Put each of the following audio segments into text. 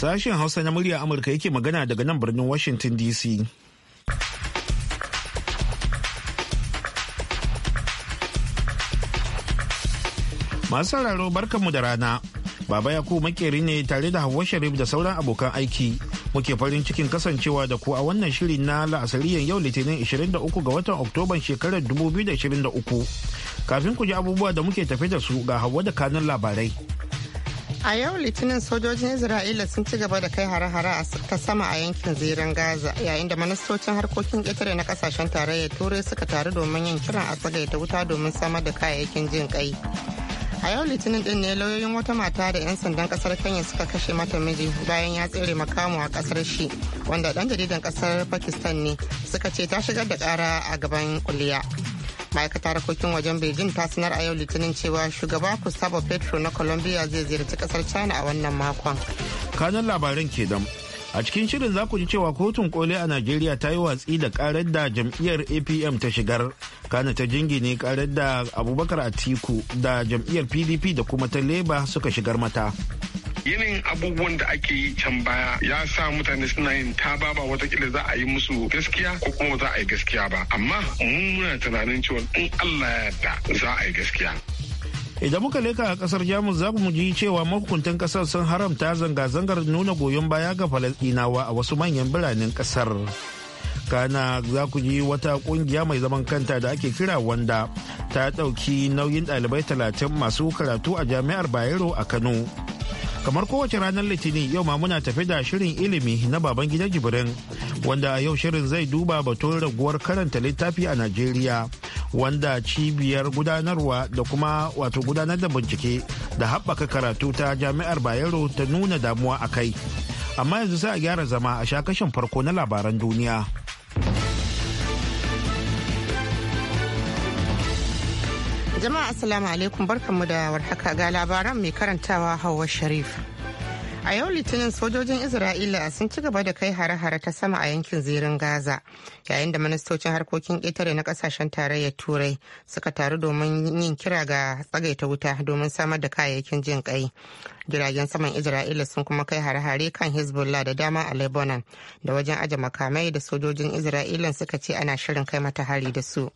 Sashen Hausa na murya Amurka yake magana daga nan birnin Washington DC. Masu sauraro barkanmu da rana. Baba Yakubu makeri ne tare da Hawwa Sharif da sauran abokan aiki. Muke farin cikin kasancewa da ku a wannan shiri na la'asariyan yau Litinin 23 ga watan Oktoban shekarar 2023. Kafin ku ji abubuwa da muke tafe da su ga Hawwa da kanun labarai. A yau Litinin sojojin Isra'ila sun ci gaba da kai hare-hare ta sama a yankin ziren Gaza yayin da ministocin harkokin ƙetare na kasashen tarayyar Turai suka taru domin yin kiran a ta wuta domin samar da kayayyakin jin kai. A yau Litinin din ne lauyoyin wata mata da 'yan sandan kasar Kenya suka kashe mata miji bayan ya tsere makamu a kasar shi wanda dan jaridan kasar Pakistan ne suka ce ta shigar da kara a gaban kuliya. ma'aikatar harkokin wajen beijing ta sanar a yau litinin cewa shugaba gustavo petro na colombia zai ziyarci kasar china a wannan makon kanan labaran kenan a cikin shirin za ku ji cewa kotun koli a najeriya ta yi watsi da karar da jam'iyyar apm ta shigar kana ta jingine karar da abubakar atiku da jam'iyyar pdp da kuma ta leba suka shigar mata yanayin abubuwan da ake yi can baya ya sa mutane suna yin ta ba watakila za a yi musu gaskiya ko kuma za a yi gaskiya ba amma mun muna tunanin cewa in allah ya yarda za a yi gaskiya idan muka leka a kasar jamus za mu ji cewa mahukuntan kasar sun haramta zanga-zangar nuna goyon baya ga falasdinawa a wasu manyan biranen kasar kana za ku ji wata kungiya mai zaman kanta da ake kira wanda ta ɗauki nauyin ɗalibai talatin masu karatu a jami'ar bayero a kano kamar kowace ranar litinin yau ma muna tafi da shirin ilimi na baban gida jibrin wanda a yau shirin zai duba batun raguwar karanta littafi a najeriya wanda cibiyar gudanarwa da kuma wato gudanar da bincike da haɓaka karatu ta jami'ar bayero ta nuna damuwa a kai amma yanzu sai a gyara zama a shakashin farko na labaran duniya Jama'a Assalamu alaikum barkanmu da warhaka ga labaran mai karantawa Hauwa Sharif. A yau Litinin sojojin Isra'ila sun ci gaba da kai hare-hare ta sama a yankin zirin Gaza, yayin da ministocin harkokin ƙetare na ƙasashen tarayyar Turai suka taru domin yin kira ga tsagaita wuta domin samar da kayayyakin jin kai Jiragen saman Isra'ila sun kuma kai hare-hare kan Hezbollah da dama a Lebanon da wajen aje makamai da sojojin Isra'ila suka ce ana shirin kai mata hari da su.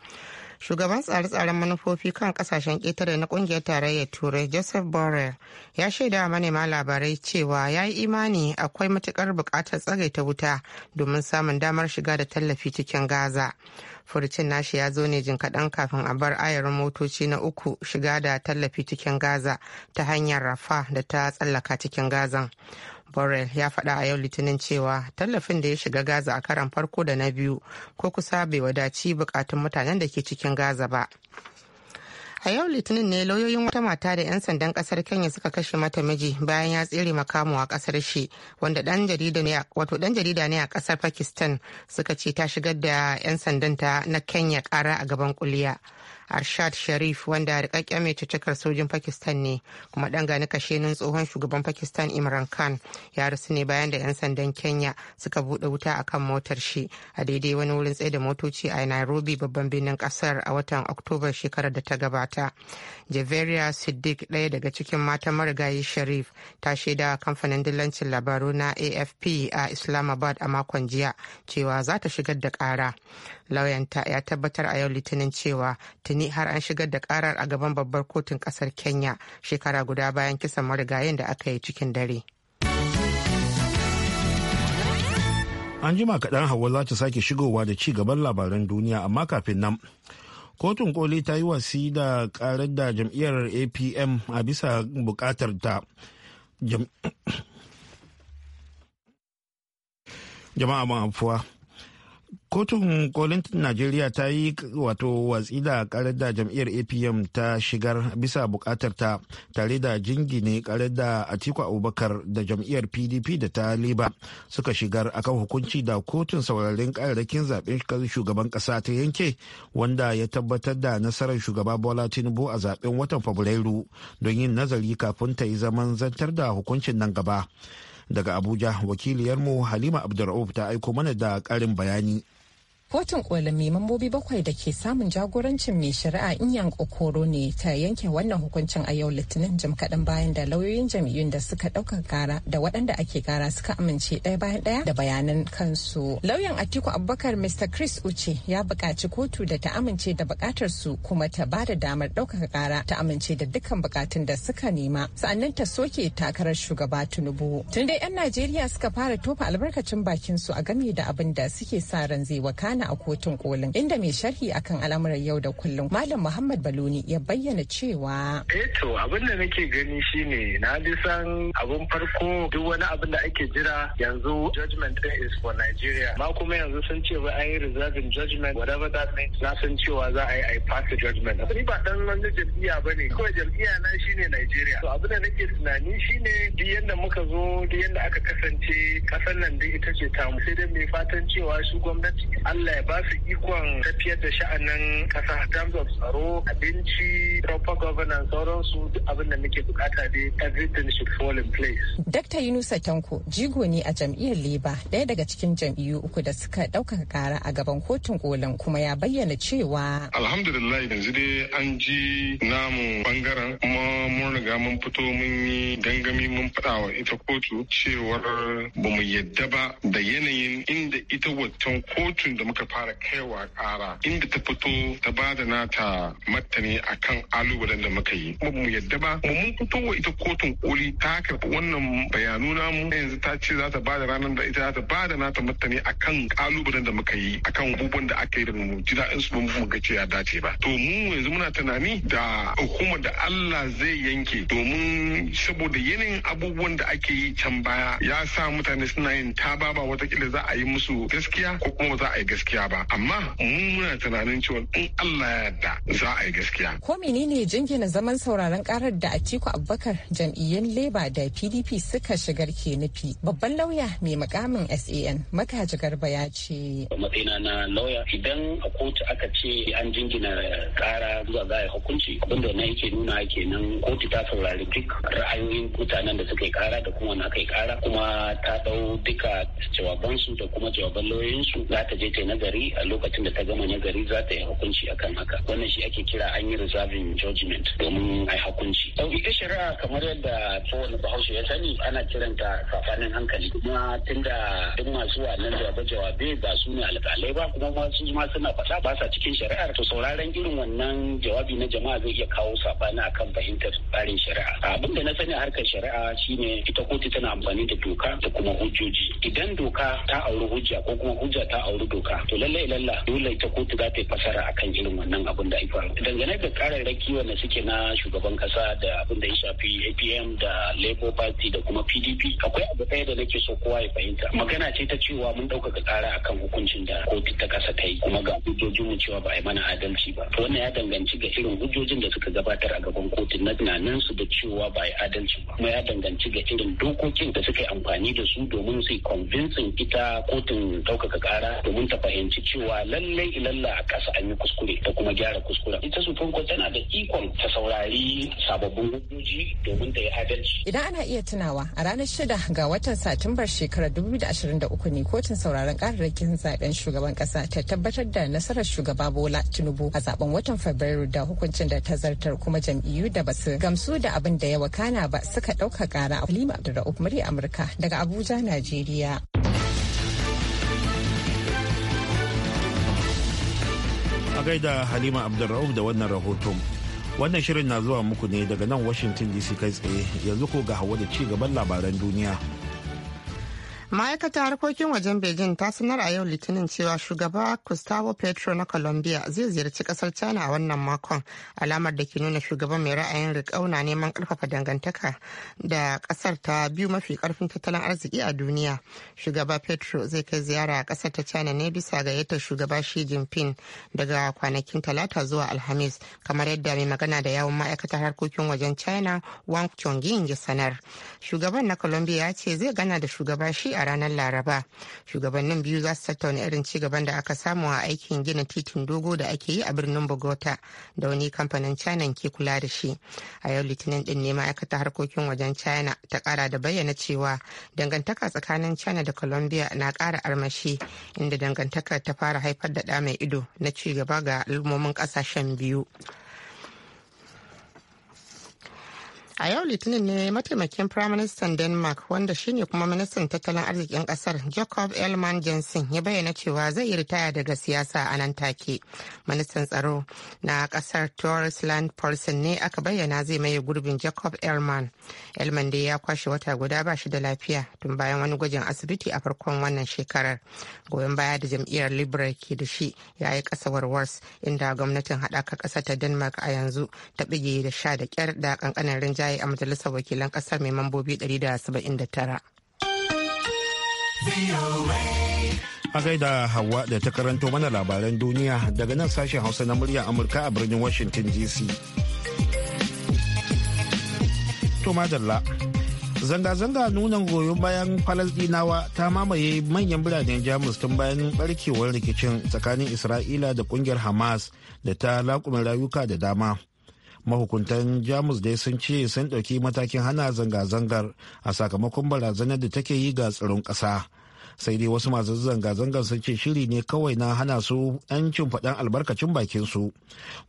shugaban tsare-tsaren manufofi kan kasashen ƙetare na ƙungiyar tarayyar turai joseph borrell ya shaida manema labarai cewa ya yi imani akwai matukar buƙatar tsagaita wuta domin samun damar shiga da tallafi cikin gaza furucin nashi ya zo ne jin kaɗan kafin a bar ayarin motoci na uku shiga da tallafi cikin gaza ta hanyar rafa da ta tsallaka cikin gazan borrell ya faɗa a yau litinin cewa tallafin da ya shiga gaza a karan farko da na biyu ko kusa bai wadaci bukatun mutanen da ke cikin gaza ba a yau litinin ne lauyoyin wata mata da 'yan sandan kasar kenya suka kashe mata miji bayan ya tsere makamu a kasar shi wanda dan jarida ne a kasar pakistan suka ce ta shigar da 'yan sandanta na kenya kara a gaban kuliya arshad sharif wanda rikakken mai cutar sojin pakistan ne kuma dan gani kashenin tsohon shugaban pakistan imran khan ya rasu ne bayan da 'yan sandan kenya suka bude wuta akan motar shi a daidai wani wurin tsaye da motoci a nairobi babban birnin kasar a watan oktoba shekarar da ta gabata javeria siddiq ɗaya daga cikin matan marigayi sharif ta shaida kamfanin dillancin labaru na afp a islamabad a makon jiya cewa za ta shigar da ƙara lauyanta ya tabbatar a yau litinin cewa tuni har an shigar da karar a gaban babbar kotun kasar kenya shekara guda bayan kisan marigayen da aka yi cikin dare an jima kaɗan hawa za ta sake shigowa da ci gaban labaran duniya amma kafin nan kotun koli ta yi wasi da karar da jam'iyyar apm a bisa bukatar ta jama'a ma'amfuwa kotun kolin najeriya ta yi wato watsi da karar da jam'iyyar apm ta shigar bisa bukatar ta tare da jingine karar da atiku abubakar da jam'iyyar pdp da ta liba suka shigar akan hukunci da kotun saurarin kararrakin zaben shugaban kasa ta yanke wanda ya tabbatar da nasarar shugaba bola tinubu a zaben watan fabrairu don yin nazari kafin ta yi zaman zantar da hukuncin nan gaba daga abuja wakiliyarmu halima abdulrauf ta aiko mana da karin bayani kotun kolami mambobi bakwai da ke samun jagorancin mai shari'a in inyan okoro ne ta yanke wannan hukuncin a yau litinin jim kaɗan bayan da lauyoyin jam'iyyun da suka ɗaukar kara da waɗanda ake kara suka amince ɗaya bayan ɗaya da bayanan kansu lauyan atiku abubakar mr chris uche ya buƙaci kotu da ta amince da buƙatar su kuma ta ba da damar ɗaukar kara ta amince da dukkan buƙatun da suka nema sa'annan ta soke takarar shugaba tinubu tun dai 'yan najeriya suka fara tofa albarkacin bakin su a game da abin da suke sa ran zai wakana magana a kotun kolin inda mai sharhi akan al'amuran yau da kullum malam muhammad baloni ya bayyana cewa eto eh abin da nake gani shine na ji san abin farko duk wani abin da ake jira yanzu judgment is for nigeria ma kuma yanzu sun ce ba ai reserving judgment whatever that means na san cewa za a yi a pass judgment ni ba dan wani jam'iyya bane kawai jam'iyya na shine nigeria to abin da nake tunani shine duk yanda muka zo duk yanda aka kasance kasar nan dai ita ce ta mu. sai dai mai fatan cewa shi gwamnati Allah ya ba su ikon tafiyar da sha'anin ƙasa terms of tsaro abinci proper governance sauransu duk abin da muke bukata dai everything should fall in place. Dr. Yunusa Tanko jigo ne a jam'iyyar Leba ɗaya daga cikin jam'iyyu uku da suka ɗaukaka ƙara a gaban kotun kolin kuma ya bayyana cewa. Alhamdulillah yanzu dai an ji namu bangaren kuma mun riga mun fito mun yi gangami mun faɗa wa ita kotu cewar ba mu yadda ba da yanayin inda ita wancan kotun da muka fara kaiwa ƙara inda ta fito ta ba da nata martani kan alubalen da muka yi kuma mu yadda ba mu mun fito wa ita kotun koli ta karɓi wannan bayanu namu yanzu ta ce za ta ba da ranar da ita za ta ba da nata martani kan kalubalen da muka yi A kan abubuwan da aka yi da mu ji daɗin su mu ga ce ya dace ba to mu yanzu muna tunani da hukumar da Allah zai yanke domin saboda yanayin abubuwan da ake yi can baya ya sa mutane suna yin ta ba wata watakila za a yi musu gaskiya ko kuma ba za a yi gaskiya gaskiya ba amma mun muna tunanin cewa in Allah ya yarda za a yi gaskiya ko menene jingina zaman sauraron karar da Atiku Abubakar jam'iyyun leba da PDP suka shigar ke nufi babban lauya mai makamin SAN makaji garba ya ce matsayina na lauya idan a kotu aka ce an jingina kara zuwa ga hukunci abinda na yake nuna kenan kotu ta saurari duk ra'ayoyin mutanen da suka yi kara da kuma na kai kara kuma ta dau duka jawabansu da kuma jawaban lauyoyinsu za ta je ta nagari a lokacin da ta gama nagari za ta yi hukunci akan haka wannan shi ake kira an yi reserving judgment domin ai hukunci to ita shari'a kamar yadda kowane bahaushe ya sani ana kiranta safanin hankali kuma tunda duk masu wannan jawabe-jawabe ba su ne alƙalai ba kuma masu ma suna faɗa ba sa cikin shari'ar to sauraron irin wannan jawabi na jama'a zai iya kawo sabani akan fahimtar tsarin shari'a abin da na sani harkar shari'a shine ita kotu tana amfani da doka da kuma hujjoji idan doka ta auri hujja ko kuma hujja ta auri doka to lallai lalla dole ita kotu za ta yi fasara akan irin wannan abun da faru dangane da kararraki wanda suke na shugaban kasa da abin da ya shafi apm da labour party da kuma pdp akwai abu ɗaya da nake so kowa ya fahimta magana ce ta cewa mun ɗaukaka kara akan hukuncin da kotu ta kasa ta yi kuma ga hujjojin mu cewa ba a yi mana adalci ba to wannan ya danganci ga irin hujjojin da suka gabatar a gaban kotu na tunanin su da cewa ba a yi adalci ba kuma ya danganci ga irin dokokin da suka yi amfani da su domin su convincing ita kotun ɗaukaka ƙara domin ta fahimta fahimci cewa lallai ilalla a ƙasa an yi kuskure da kuma gyara kuskure ita su farko tana da ikon ta saurari sababbin hujjoji domin ta yi adalci idan ana iya tunawa a ranar shida ga watan satumbar shekarar uku ne kotun sauraron kararrakin zaɓen shugaban ƙasa ta tabbatar da nasarar shugaba bola tinubu a zaben watan fabrairu da hukuncin da ta zartar kuma jam'iyyu da basu gamsu da abin da ya wakana ba suka ɗauka ƙara a halima Abdulrahman amurka daga abuja najeriya gaida Halima Abdulrahman da wannan rahoton. Wannan shirin na zuwa muku ne daga nan Washington DC kai tsaye yanzu ko ga hawa da ci gaban labaran duniya. ma'aikatar harkokin wajen beijing ta sanar a yau litinin cewa shugaba gustavo petro na colombia zai ziyarci kasar china a wannan makon alamar da ke nuna shugaban mai ra'ayin riƙau na neman karfafa dangantaka da kasar ta biyu mafi karfin tattalin arziki a duniya shugaba petro zai kai ziyara a kasar ta china ne bisa ga yadda shugaba shi jinping daga kwanakin talata zuwa alhamis kamar yadda mai magana da yawon ma'aikatar harkokin wajen china wang chongying ya sanar shugaban na colombia ya ce zai gana da shugaba shi a ranar laraba shugabannin biyu za su tattauna irin ci gaban da aka samu a aikin gina titin dogo da ake yi a birnin bogota da wani kamfanin china ke kula da shi a yau litinin din ne ma'aikata harkokin wajen china ta kara da bayyana cewa dangantaka tsakanin china da colombia na kara armashi inda dangantaka ta fara haifar da ɗa mai ido na ci gaba ga al'ummomin ƙasashen biyu. a yau litinin ne mataimakin firaministan denmark wanda shine kuma ministan tattalin arzikin kasar jacob elman jensen ya bayyana cewa zai yi ritaya daga siyasa a nan take ministan tsaro na kasar tourist land ne aka bayyana zai maye gurbin jacob elman elman dai ya kwashe wata guda ba shi da lafiya tun bayan wani gwajin asibiti a farkon wannan shekarar goyon baya da jam'iyyar liberal ke da shi ya yi kasa warwars inda gwamnatin haɗaka ƙasa ta denmark a yanzu ta bige da sha da ƙyar da ƙanƙanin rinja. rinjaye a majalisar wakilan kasar mai mambobi 179 a gaida hawa da ta karanto mana labaran duniya daga nan sashen hausa na murya amurka a birnin washington dc to madalla zanga-zanga nuna goyon bayan falasdinawa ta mamaye manyan biranen jamus tun bayan barkewar rikicin tsakanin isra'ila da kungiyar hamas da ta lakumin rayuka da dama mahukuntan jamus dai sun ce sun ɗauki matakin hana zanga-zangar a sakamakon barazanar da take yi ga tsaron ƙasa sai dai wasu masu zanga-zangar sun ce shiri ne kawai na hana su 'yancin faɗan albarkacin bakin su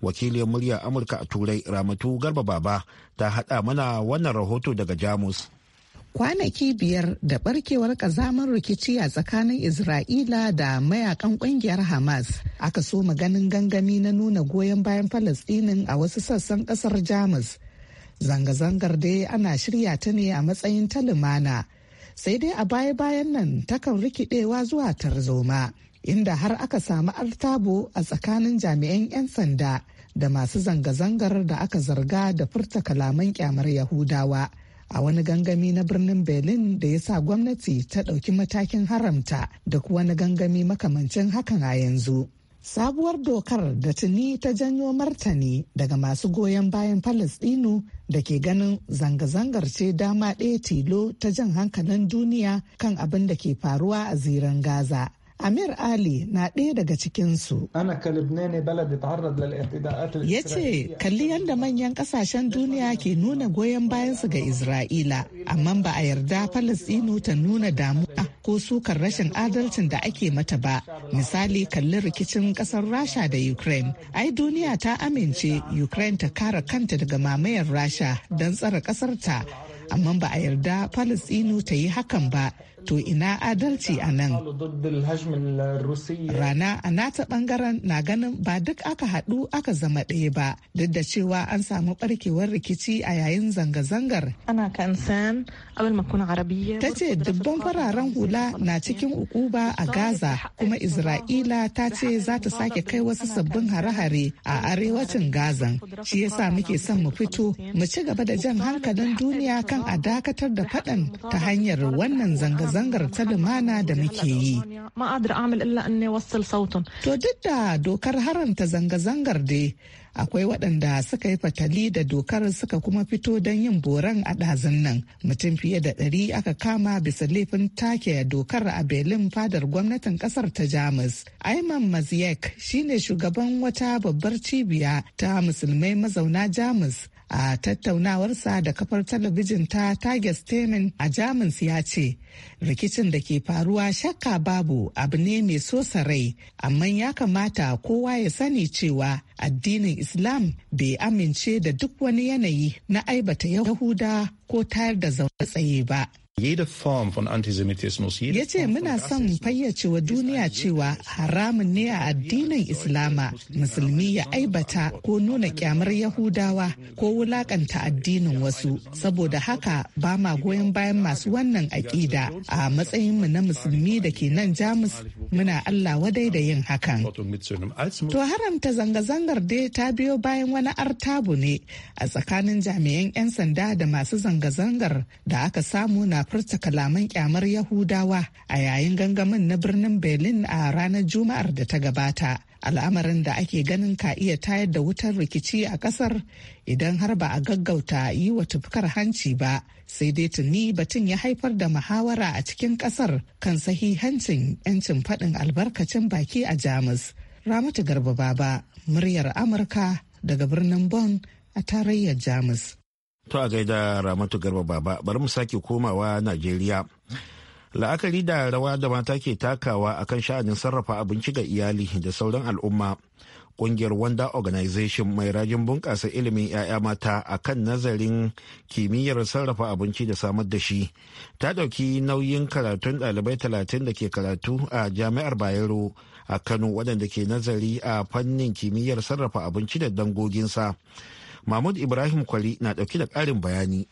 wakiliyar muryar amurka a turai ramatu garba baba ta haɗa mana wannan rahoto daga jamus kwanaki biyar da barkewar kazamar rikici a tsakanin isra'ila da mayakan kungiyar hamas aka so maganin gangami na nuna goyon bayan falastinin a wasu sassan kasar jamus zanga-zangar dai ana shirya ta ne a matsayin ta lumana sai dai a baya-bayan nan takan rikidewa zuwa tarzoma inda har aka samu artabo a tsakanin jami'an 'yan sanda da masu zanga-zangar da aka zarga da furta kalaman kyamar yahudawa a wani gangami na birnin berlin da ya sa gwamnati ta ɗauki matakin haramta duk wani gangami makamancin hakan a yanzu sabuwar dokar da tuni ta janyo martani daga masu goyon bayan palestino da ke ganin zanga-zangar ce dama ɗaya tilo ta jan hankalin duniya kan abin da ke faruwa a ziran gaza Amir Ali na ɗaya daga cikinsu. Ya ce, kalli yadda manyan ƙasashen duniya ke nuna goyon bayansu ga Isra'ila, amma ba a yarda Falasɗinu ta nuna damuwa ko sukar rashin adalcin da ake mata ba. Misali, kalli rikicin ƙasar Rasha da Ukraine. Ai, duniya ta amince Ukraine ta kare kanta daga mamayar Rasha don tsare ƙasarta, amma ba a yarda Falasɗinu ta yi hakan ba. To ina adalci a nan? Rana a nata bangaren na ganin ba duk aka haɗu aka zama ɗaya ba duk da cewa an samu barkewar rikici a yayin zanga-zangar. Ta ce dubban fararen hula na cikin ukuba a Gaza kuma Isra'ila ta ce za ta sake kai wasu sabbin hare-hare a arewacin Gazan. Shi yasa muke son mu fito mu ci gaba da jan hankalin duniya kan a dakatar da faɗan ta hanyar wannan zanga-zangar. zangar ta lumana da muke yi. To duk da dokar haramta zanga-zangar dai akwai waɗanda suka yi fatali da dokar suka kuma fito don yin boran a ɗazin nan mutum fiye da ɗari aka kama bisa laifin take dokar a belin fadar gwamnatin ƙasar ta jamus aiman maziyek shine shugaban wata babbar cibiya ta musulmai mazauna jamus a tattaunawarsa da kafar talabijin ta tiger statement a jamus ya ce rikicin da ke faruwa shakka babu abu ne mai sosa rai amma ya kamata kowa ya sani cewa addinin islam bai amince da duk wani yanayi na aibata yahuda ko tayar da zaune tsaye ba Jede form von Antisemitismus. Ya ce muna son fayyace wa duniya cewa haramun ne a addinin Islama musulmi ya aibata ko nuna kyamar Yahudawa ko wulakanta addinin wasu. Saboda haka ba ma goyon bayan masu wannan aƙida a matsayin mu na musulmi da ke nan Jamus muna Allah wadai da yin hakan. To haramta zanga-zangar dai ta biyo bayan wani artabu ne a tsakanin jami'an 'yan sanda da masu zanga-zangar da aka samu na furta kalaman kyamar Yahudawa a yayin gangamin na birnin Berlin a ranar Juma'ar da ta gabata. Al'amarin da ake ganin ka iya tayar da wutar rikici a kasar idan har ba a gaggauta yi wa tufkar hanci ba, sai dai tuni batun ya haifar da muhawara a cikin kasar kan sahihancin 'yancin faɗin albarkacin baki a Jamus. Ramatu Garba Baba, muryar Amurka daga birnin Bonn a tarayyar Jamus. To a gaida Ramatu Garba Baba bari mu sake komawa Najeriya. La'akari da rawa da mata ke takawa akan sha'anin sarrafa abinci ga iyali da sauran al'umma. ƙungiyar Wanda Organization mai rajin bunƙasa ilimin 'ya'ya mata a kan nazarin kimiyyar sarrafa abinci da samar da shi. Ta ɗauki nauyin karatun ɗalibai talatin da ke karatu a Jami'ar Bayero a Kano waɗanda ke nazari a fannin kimiyyar sarrafa abinci da dangoginsa. mahmud ibrahim kwari na ɗauke da ƙarin bayani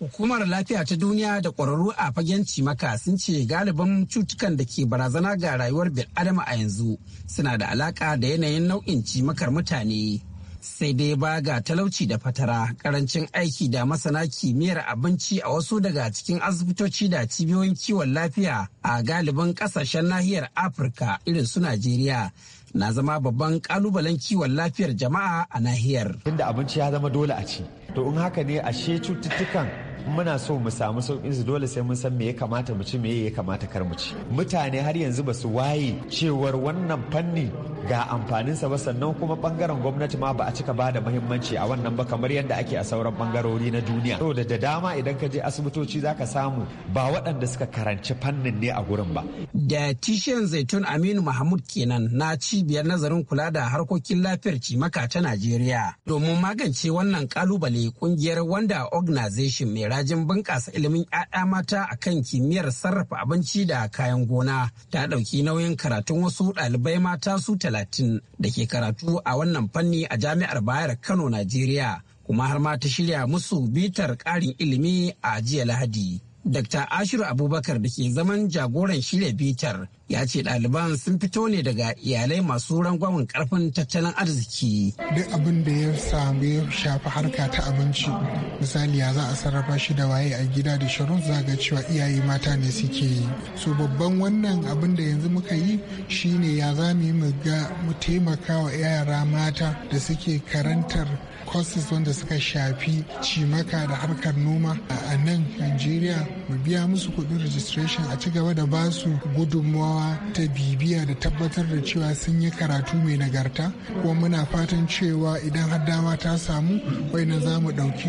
Hukumar lafiya ta duniya da ƙwararru a fagen cimaka sun ce galibin cutukan da ke barazana ga rayuwar bil'adama a yanzu suna da alaƙa da yanayin nau'in cimakar mutane. Sai dai ba ga talauci da fatara, karancin aiki da masana kimiyyar abinci a wasu daga cikin asibitoci da cibiyoyin kiwon lafiya a galibin ƙasashen nahiyar Afirka irin su Najeriya na zama babban kalubalen kiwon lafiyar jama'a a nahiyar. Inda abinci ya zama dole a ci. To in haka ne ashe cututtukan muna so mu samu sauƙin su dole sai mun san me ya kamata mu ci me ya kamata kar mu ci. Mutane har yanzu ba su waye cewar wannan fanni ga amfaninsa ba sannan kuma bangaren gwamnati ma ba a cika ba da muhimmanci a wannan ba kamar yadda ake a sauran bangarori na duniya to da dama idan ka je asibitoci zaka samu ba waɗanda suka karanci fannin ne a gurin ba da tishiyan zaitun aminu mahmud kenan na cibiyar nazarin kula da harkokin lafiyar cimaka ta najeriya domin magance wannan kalubale kungiyar wanda organization mai rajin bunƙasa ilimin 'ya'ya mata akan kimiyyar sarrafa abinci da kayan gona ta ɗauki nauyin karatun wasu ɗalibai mata su talatin talatin da ke karatu a wannan fanni a jami'ar bayar kano najeriya kuma har ma ta shirya musu bitar ƙarin ilimi a jiya lahadi Dr. Ashiru Abubakar da ke zaman jagoran shirya bitar ya ce ɗaliban sun fito ne daga iyalai masu rangwamen karfin tattalin arziki. Duk abin da ya samu ya shafi harka ta abinci misali ya za a sarrafa shi da waye a gida da shirin zaga cewa iyaye mata ne suke yi. So babban wannan abin da yanzu muka yi shine ya za mu yi mu taimaka wa yara mata da suke karantar courses wanda suka shafi cimaka da harkar noma a nan nigeria mu biya musu kuɗin registration a ci gaba da basu su gudunmawa ta bibiya da tabbatar da cewa sun yi karatu mai nagarta kuma muna fatan cewa idan har dama ta samu waina za mu ɗauki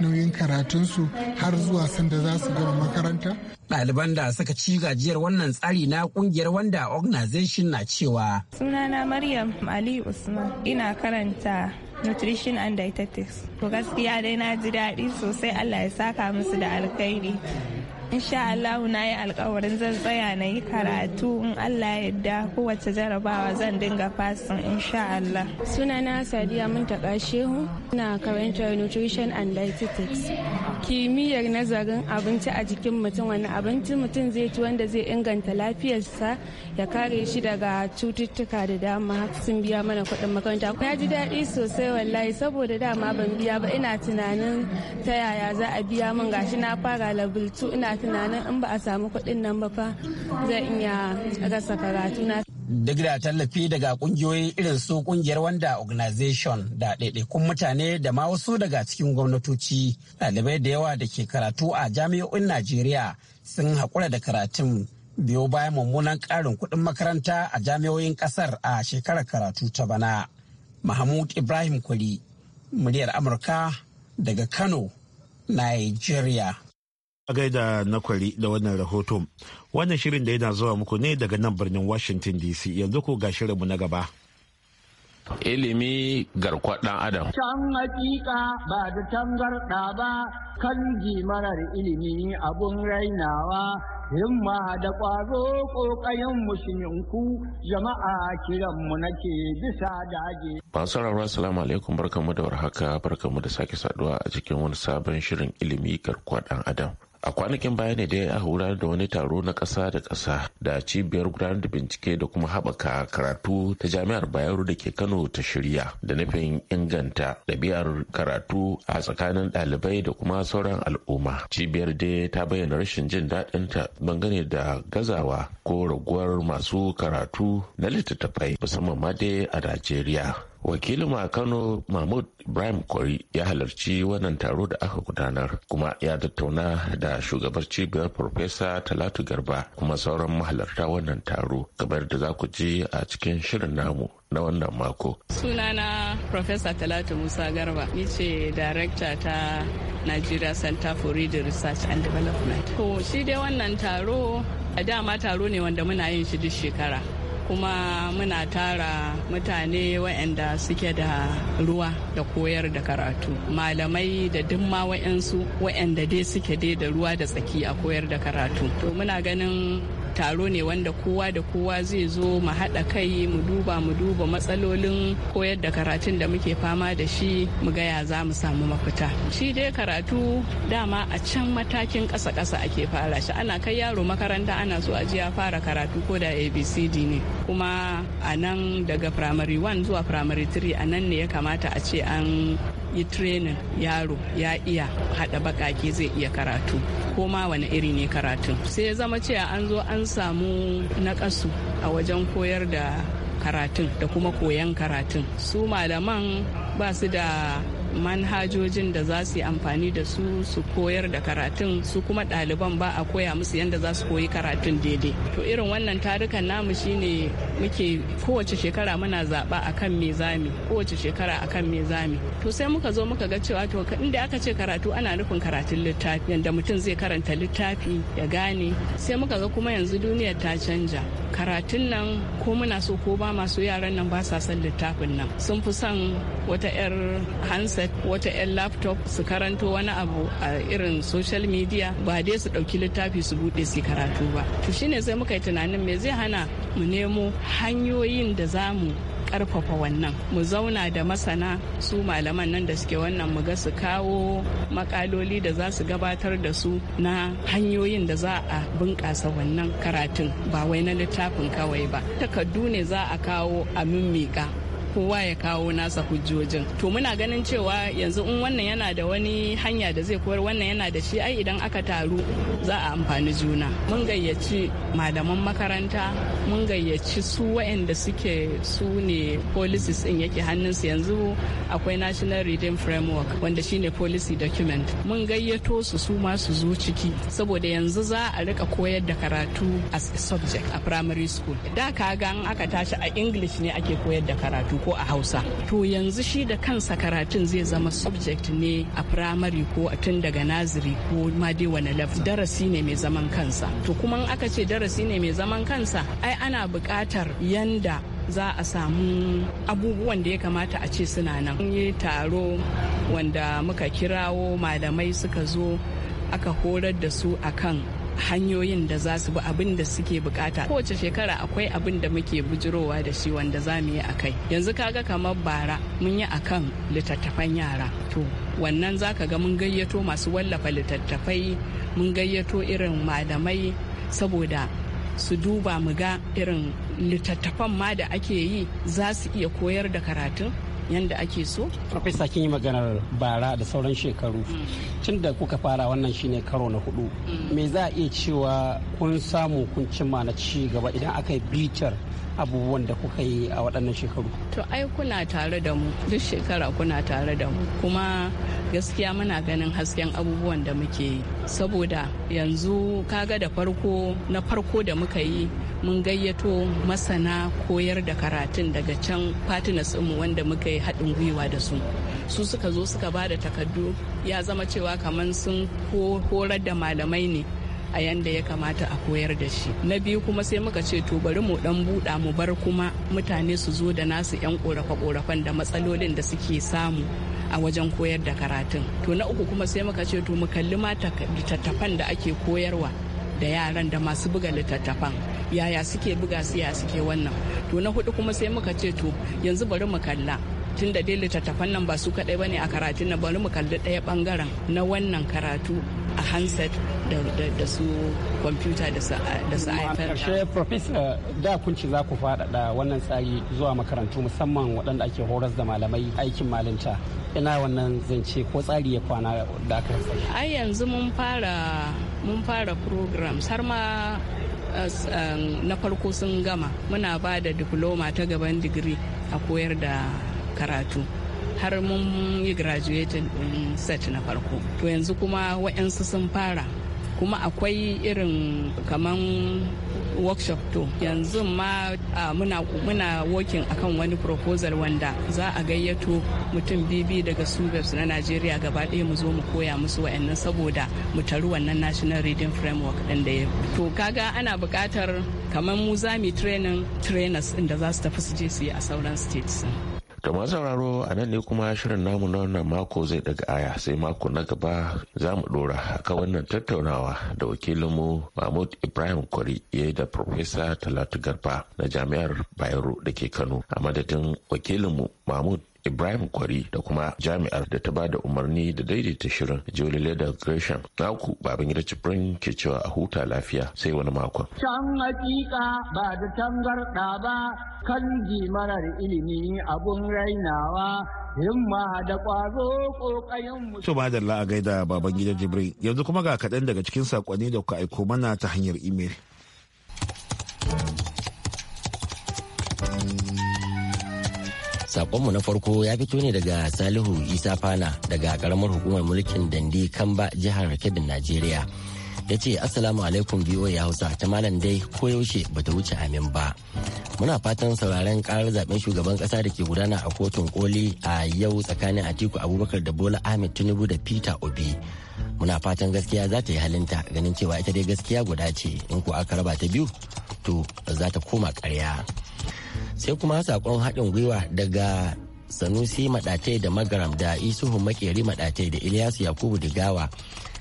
nauyin karatunsu har zuwa sanda za su gama makaranta. Ɗaliban da suka ci gajiyar wannan tsari na kungiyar wanda organization na cewa. Sunana Maryam Ali Usman ina karanta nutrition and dietetics to gaskiya dai na ji daɗi sosai allah ya saka musu da alkhairi insha Allah na yi alkawarin zan tsaya na yi karatu in Allah ya yadda kowace jarabawa zan dinga fasin insha Allah. Sunana Sadiya Muntaka Shehu na karantar Nutrition and Dietetics. Kimiyyar nazarin abinci a jikin mutum wani abinci mutum zai ci wanda zai inganta lafiyarsa ya kare shi daga cututtuka da dama sun biya mana kuɗin makaranta. Na ji daɗi sosai wallahi saboda dama ban biya ba ina tunanin ta yaya za a biya min gashi na fara level ina tunanin in ba a samu kuɗin nan ba fa zan iya rasa karatu na. Duk da tallafi daga kungiyoyi irin su kungiyar wanda organization da ɗaiɗaikun mutane da ma wasu daga cikin gwamnatoci ɗalibai da yawa da ke karatu a jami'o'in Najeriya sun haƙura da karatun biyo bayan mummunan ƙarin kuɗin makaranta a jami'o'in ƙasar a shekarar karatu ta bana. Mahmud Ibrahim Kuli, muryar Amurka daga Kano, Nigeria. a gaida na kwari da wannan rahoton wannan shirin da yana zuwa muku ne daga nan birnin washington dc yanzu ko ga shirinmu na gaba ilimi garkwar ɗan adam can hakika ba da tangarɗa ba kan marar ilimi abun rainawa himma da ƙwazo ƙoƙayen musulminku jama'a kiranmu nake bisa dage. Masu rarra salamu alaikum barkamu da warhaka barkamu da sake saduwa a cikin wani sabon shirin ilimi garkuwa ɗan adam a kwanakin baya ne dai ya hura da wani taro na ƙasa da ƙasa da cibiyar gudanar da bincike da kuma haɓaka karatu ta jami'ar bayero da ke kano ta shirya da nufin inganta ɗabi'ar karatu a tsakanin ɗalibai da kuma sauran al'umma cibiyar dai ta bayyana rashin jin daɗin ta dangane da gazawa ko raguwar masu karatu na littattafai musamman ma dai a najeriya wakilin a kano mahmud ibrahim kwari ya halarci wannan taro da aka gudanar kuma ya tattauna da shugabar cibiyar farfesa talatu garba kuma sauran mahalarta wannan taro kamar da za ku je a cikin shirin namu na wannan mako. Sunana Professor Talatu Musa Garba, ni ce Director ta Nigeria Center for reading Research and Development. ko shi dai wannan taro a dama taro ne wanda muna yin shi duk shekara. kuma muna tara mutane waɗanda suke da ruwa da koyar da karatu malamai da duk ma waɗansu waɗanda dai suke dai da ruwa da tsaki a koyar da karatu to muna ganin taro ne wanda kowa da kowa zai zo mu haɗa kai mu duba mu duba matsalolin koyar da karatun da muke fama da shi mu gaya za mu samu mafita shi dai karatu dama a can matakin ƙasa ƙasa ake fara shi ana kai yaro makaranta ana so a ji ya fara karatu ko da abcd ne kuma a nan daga primary 1 zuwa firamare 3 a nan ne ya kamata a ce an yi training yaro ya iya haɗa bakaki zai iya karatu ko ma wani iri ne karatun sai ya zama cewa an zo an samu naƙasu a wajen koyar da karatun da kuma koyan karatun su malaman ba su da manhajojin da za su yi amfani da su su koyar da karatun su kuma ɗaliban ba a koya musu yadda za su koyi karatun daidai to irin wannan tarukan namu shine muke kowace shekara muna zaɓa akan me zami kowace shekara akan me zami to sai muka zo muka ga cewa to inda aka ce karatu ana nufin karatun littafi yadda mutum zai karanta littafi ya gane sai muka ga kuma yanzu duniyar ta canja karatun nan ko muna so ko ba masu yaran nan ba sa son littafin nan sun fi son wata 'yar handset wata 'yar laptop su karanto wani abu a irin social media ba dai su ɗauki littafi su buɗe su karatu ba to shine sai muka yi tunanin me zai hana mu nemo hanyoyin da za mu karfafa wannan mu zauna da masana su malaman nan da suke wannan mu ga su kawo makaloli da za su gabatar da su na hanyoyin da za a bunƙasa wannan karatun ba wai na littafin kawai ba takardu ne za a kawo a mimmiƙa kowa ya kawo nasa hujjojin to muna ganin cewa yanzu in wannan yana da wani hanya da zai koyar wannan yana da shi ai idan aka taru za a amfani juna mun gayyaci malaman makaranta mun gayyaci su waɗanda suke su ne policies in yake hannunsu yanzu akwai national reading framework wanda shine policy document mun gayyato su su ma su zo ciki saboda yanzu za a rika koyar da karatu as a subject a primary school da kaga in aka tashi a english ne ake koyar da karatu ko a hausa to yanzu shi da kansa karatun zai zama subject ne a primary ko a tun daga naziri ko ma dai wani level darasi ne mai zaman kansa to kuma aka ce darasi ne mai zaman kansa ai ana bukatar yanda za a samu abubuwan da ya kamata a ce suna nan yi taro wanda muka kirawo malamai suka zo aka horar da su akan hanyoyin da za su bi abin da suke bukata kowace shekara akwai abin da muke bujirowa da shi wanda za mu yi a kai yanzu kaga kamar bara mun yi a kan littattafan yara to wannan za ka ga mun gayyato masu wallafa littattafai mun gayyato irin malamai saboda su duba mu ga irin littattafan ma da ake yi za su iya koyar da karatun yadda ake so. Profesa kin yi maganar bara da sauran shekaru. Mm. Tun da kuka fara wannan shine karo na hudu. Mm. Me za a iya cewa kun samu kun cimma na ci gaba idan aka yi bitar abubuwan da kuka yi a waɗannan shekaru to ai kuna tare da mu duk shekara kuna tare da mu kuma gaskiya muna ganin hasken abubuwan da muke yi saboda yanzu kaga da farko na farko da muka yi mun gayyato masana koyar da karatun daga can partners mu wanda muka yi haɗin gwiwa da su su suka zo suka ba da takardu ya zama cewa kamar sun horar da malamai ne a yanda ya kamata a koyar da shi na biyu kuma sai muka ce to bari mu dan buɗa mu bar kuma mutane su zo da nasu 'yan korafe korafan da matsalolin da suke samu a wajen koyar da karatun to na uku kuma sai muka ce to mu kalli ma littattafan da ake koyarwa da yaran da masu buga littattafan yaya suke buga su ya suke wannan to na hudu kuma sai muka ce to yanzu bari mu kalla tun da dai littattafan nan ba su kaɗai bane a karatun nan bari mu kalli ɗaya ɓangaren na wannan karatu a handset da su kwamfuta da su iPad. Ƙarshe Professor da kun ci za ku faɗaɗa wannan tsari zuwa makarantu musamman waɗanda ake horas da malamai aikin malinta. Ina wannan zance ko tsari ya kwana da aka Ai yanzu mun fara mun fara programs har ma um, na farko sun gama muna ba da diploma ta gaban digiri a koyar da karatu har mun yi graduating din set na farko to yanzu kuma wa'yansu sun fara kuma akwai irin kaman workshop to yanzu ma muna muna working akan wani proposal wanda za a gayyato mutum bibi daga suburbs na Najeriya gaba ɗaya mu zo mu koya musu wa'annan saboda mu taru wannan national reading framework ɗin da ya to kaga ana buƙatar kamar mu za mu training trainers inda za su tafi su je su yi a sauran states da masu sauraro a nan ne kuma shirin namu na wannan mako zai daga aya sai mako na gaba za mu dora a wannan tattaunawa da wakilinmu Mahmud Ibrahim Kwari ya da Profesa Talatu Garba na Jami'ar Bayero da ke Kano a madadin wakilinmu Mahmud ibrahim kwari da kuma jami'ar da ta ba da umarni da daidaita shirin Jolie leda gresham naku babin gida cifrin ke cewa a huta lafiya sai wani makon. can hakika ba da tangarɗa ba kan marar ilimi abun rainawa himma da ƙwazo ƙoƙayen mu. to madalla a gaida babangida gida jibrin yanzu kuma ga kaɗan daga cikin saƙonni da kuka aiko mana ta hanyar imel. Sakonmu na farko ya fito ne daga Salihu Isa Fana daga karamar hukumar mulkin Dandi Kamba jihar kebin Najeriya. Ya ce Assalamu alaikum ya Hausa ta malam dai ko koyaushe ta wuce amin ba. Muna fatan sauraren karar zaben shugaban kasa da ke gudana a kotun koli a yau tsakanin Atiku Abubakar da Bola Ahmed Tinubu da Peter Obi. Muna fatan gaskiya za ta yi halinta ganin cewa ita dai gaskiya guda ce in ko aka raba ta biyu to za ta koma karya. sai kuma sakon haɗin gwiwa daga sanusi maɗatai da magaram da isuhu makeri maɗatai da ilyasu yakubu gawa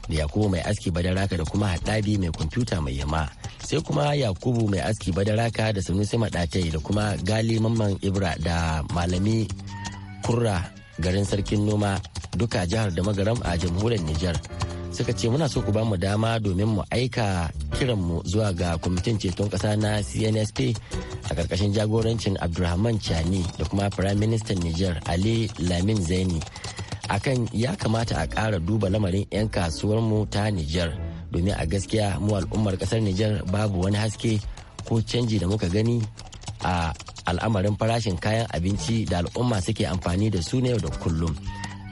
da yakubu mai aski badaraka da kuma haɗabi mai kwamfuta mai yama sai kuma yakubu mai aski badaraka da sanusi maɗatai da kuma gali mamman ibra da malami kurra garin sarkin noma duka jihar da magaram a jamhuriyar niger suka ce muna so ku ba mu dama domin mu aika kiranmu zuwa ga kwamitin ceton kasa na cnsp a karkashin jagorancin abdulrahman chani da kuma prime minister niger ali lamin zaini akan ya kamata a ƙara duba lamarin 'yan kasuwarmu ta niger domin a gaskiya mu al'ummar kasar niger babu wani haske ko canji da muka gani a al'amarin farashin kayan abinci da al'umma suke amfani da su na yau da kullum.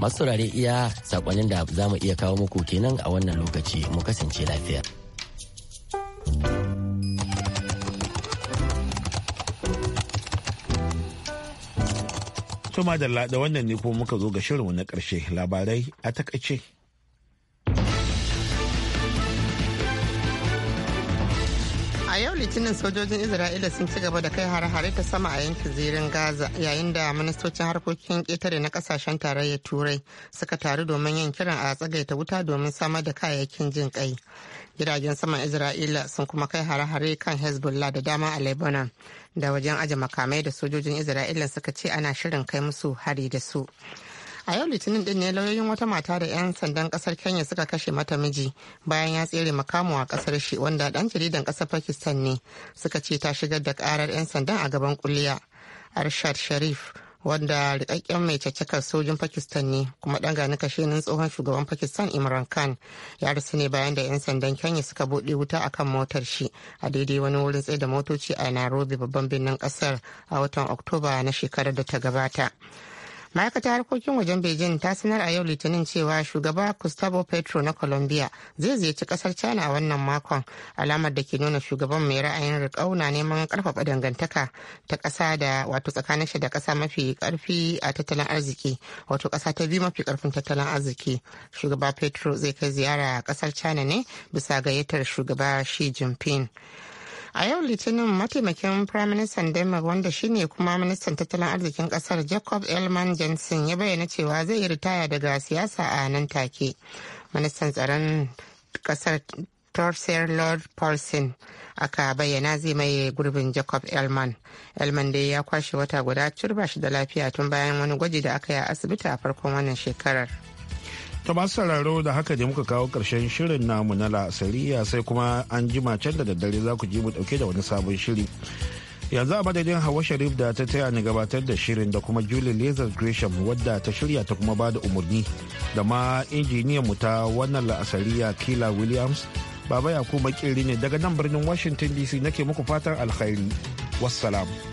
masu saurare iya saƙonnin da za mu iya kawo muku kenan a wannan lokaci mu kasance lafiya. Tuma da wannan ne ko muka zo ga shirinmu na ƙarshe labarai a takaice. a yau litinin sojojin isra'ila sun ci gaba da kai hare-hare ta sama a yankin zirin gaza yayin da ministocin harkokin ketare na kasashen tarayyar turai suka taru domin yin kiran a tsagaita wuta domin samar da kayayyakin jin kai jiragen saman isra'ila sun kuma kai hare-hare kan hezbollah da dama a lebanon da wajen aje makamai da sojojin isra'ila suka ce ana shirin kai musu hari da su a yau litinin din ne lauyoyin wata mata da 'yan sandan kasar kenya suka kashe mata miji bayan ya tsere makamu a kasar shi wanda dan jaridan kasar pakistan ne suka ce ta shigar da karar 'yan sandan a gaban kulliya arshad sharif wanda rikakken mai caccakar sojin pakistan ne kuma dan gani kashenin tsohon shugaban pakistan imran khan ya rasu ne bayan da 'yan sandan kenya suka buɗe wuta akan motar shi a daidai wani wurin tsaye da motoci a nairobi babban birnin kasar a watan oktoba na shekarar da ta gabata ma'aikatar harkokin wajen beijing ta sanar a yau litinin cewa shugaba gustavo petro na colombia zai ziyarci kasar china a wannan makon alamar da ke nuna shugaban mai ra'ayin riƙau na neman karfafa dangantaka ta kasa da wato tsakanin shi da kasa mafi karfi a tattalin arziki wato ƙasa ta biyu mafi karfin tattalin arziki shugaba petro zai kai ziyara kasar china ne bisa gayyatar shugaba shi jinping a yau litinin mataimakin firaministan denmark wanda shine kuma ministan tattalin arzikin kasar jacob elman jensen ya bayyana cewa zai yi ritaya daga siyasa a nan take ministan tsaron kasar torsier Lord Paulson aka bayyana zai mai gurbin Jacob Elman. Elman dai ya kwashe wata guda turba shi da lafiya tun bayan wani gwaji da aka yi a asibiti a farkon wannan shekarar. ta masu sauraro da haka ne muka kawo karshen shirin namu na la'asariya sai kuma an jima can da daddare za ku ji mu dauke da wani sabon shiri yanzu a madadin hawa sharif da ta taya ni gabatar da shirin da kuma julie lazar gresham wadda ta shirya ta kuma da umarni da ma injiniyan mu ta wannan la'asariya kila williams baba yakubu makiri ne daga nan birnin washington dc nake muku fatan alkhairi wassalam